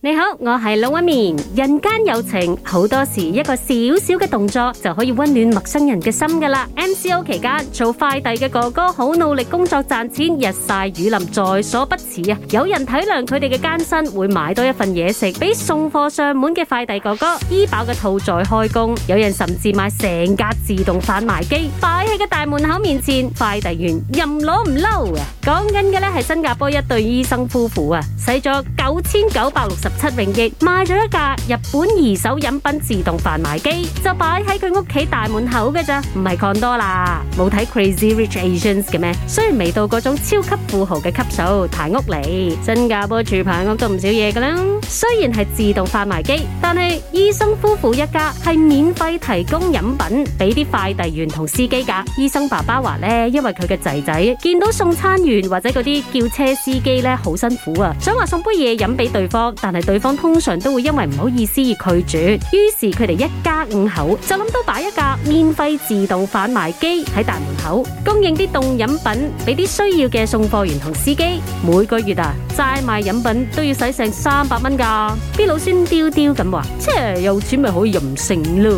你好，我係龍紋敏。人間有情，好多時一個小小嘅動作就可以溫暖陌生人嘅心噶啦。MCO 期間做快遞嘅哥哥好努力工作賺錢，日曬雨淋在所不辭啊！有人體諒佢哋嘅艱辛，會買多一份嘢食俾送貨上門嘅快遞哥哥，醫飽嘅肚再開工。有人甚至買成架自動販賣機擺喺個大門口面前，快遞員任攞唔嬲啊！講緊嘅呢係新加坡一對醫生夫婦啊，使咗九千九百六十。七榮杰買咗一架日本二手飲品自動販賣機，就擺喺佢屋企大門口嘅咋，唔係抗多啦。冇睇 Crazy Rich Asians 嘅咩？雖然未到嗰種超級富豪嘅級數，排屋嚟，新加坡住排屋都唔少嘢噶啦。雖然係自動販賣機，但係醫生夫婦一家係免費提供飲品俾啲快遞員同司機噶。醫生爸爸話咧，因為佢嘅仔仔見到送餐員或者嗰啲叫車司機咧好辛苦啊，想話送杯嘢飲俾對方，但係。對方通常都會因為唔好意思而拒絕，於是佢哋一家五口就諗到擺一架免費自動販賣機喺大門口，供應啲凍飲品俾啲需要嘅送貨員同司機。每個月啊，齋買飲品都要使成三百蚊噶，啲老孫刁刁咁話，即係有錢咪可以任性咯。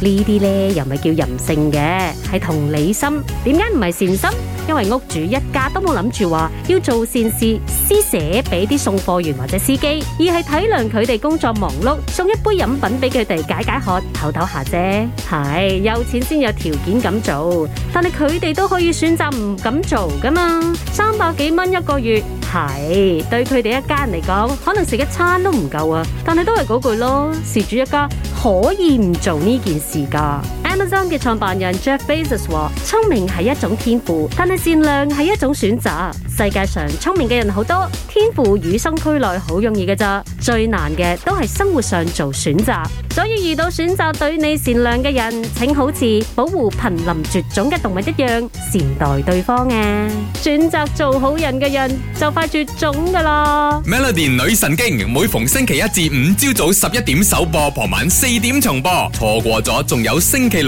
呢啲呢又唔係叫任性嘅，係同理心。點解唔係善心？因為屋主一家都冇諗住話要做善事施捨俾啲送貨員或者司機，而係體諒佢哋工作忙碌，送一杯飲品俾佢哋解解渴、唞唞下啫。係有錢先有條件咁做，但係佢哋都可以選擇唔咁做噶嘛。三百幾蚊一個月，係對佢哋一家人嚟講，可能食一餐都唔夠啊。但係都係嗰句咯，事主一家可以唔做呢件事噶。Amazon 嘅創辦人 Jeff Bezos 話：聰明係一種天賦，但係善良係一種選擇。世界上聰明嘅人好多，天賦與生俱來，好容易嘅咋。最難嘅都係生活上做選擇。所以遇到選擇對你善良嘅人，請好似保護瀕臨絕種嘅動物一樣善待對方啊！選擇做好人嘅人就快絕種噶啦！Melody 女神經每逢星期一至五朝早十一點首播，傍晚四點重播。錯過咗仲有星期六。